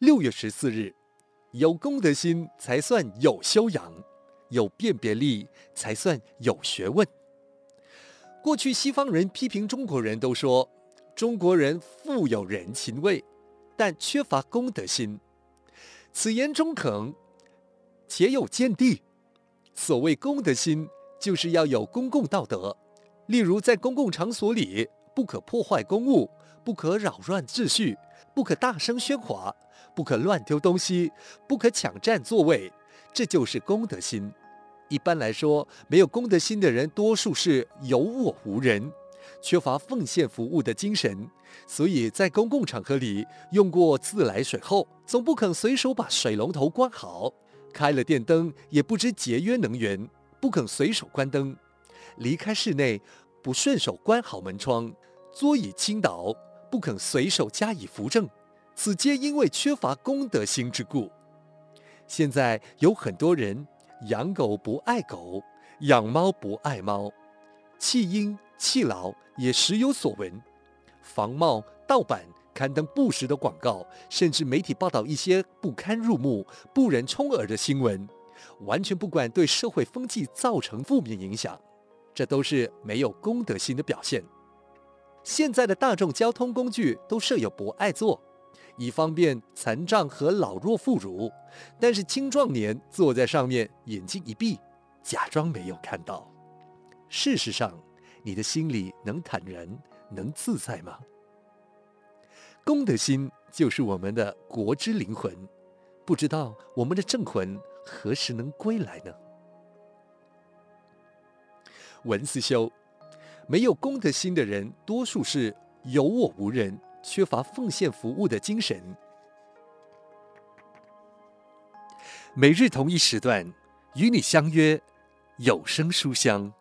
六月十四日，有公德心才算有修養，有辨別力才算有學問。過去西方人批評中國人都說，中國人富有人情味，但缺乏公德心。此言中肯，且有見地。所謂公德心，就是要有公共道德，例如在公共場所裡，不可破壞公物，不可擾亂秩序，不可大聲喧嘩。不可亂丟東西，不可搶占座位，這就是公德心。一般來說，沒有公德心的人，多數是有我無人，缺乏奉獻服務的精神。所以在公共場合裡，用過自來水後，總不肯隨手把水龍頭關好；開了電燈，也不知節約能源，不肯隨手關燈；離開室內，不順手關好門窗；桌椅傾倒，不肯隨手加以扶正。此皆因為缺乏公德心之故。現在有很多人養狗不愛狗，養貓不愛貓，棄嬰棄老也時有所聞。仿冒、盜版、刊登不實的廣告，甚至媒體報道一些不堪入目、不忍充耳的新聞，完全不管對社會風氣造成負面影響，這都是沒有公德心的表現。現在的大眾交通工具都設有博愛座。以方便殘障和老弱婦孺，但是青壯年坐在上面，眼睛一閉，假裝沒有看到。事實上，你的心裡能坦然、能自在嗎？公德心就是我們的國之靈魂，不知道我們的正魂何時能歸來呢？文思修，沒有公德心的人，多數是有我無人。缺乏奉獻服務的精神。每日同一時段，與你相約，有聲書香。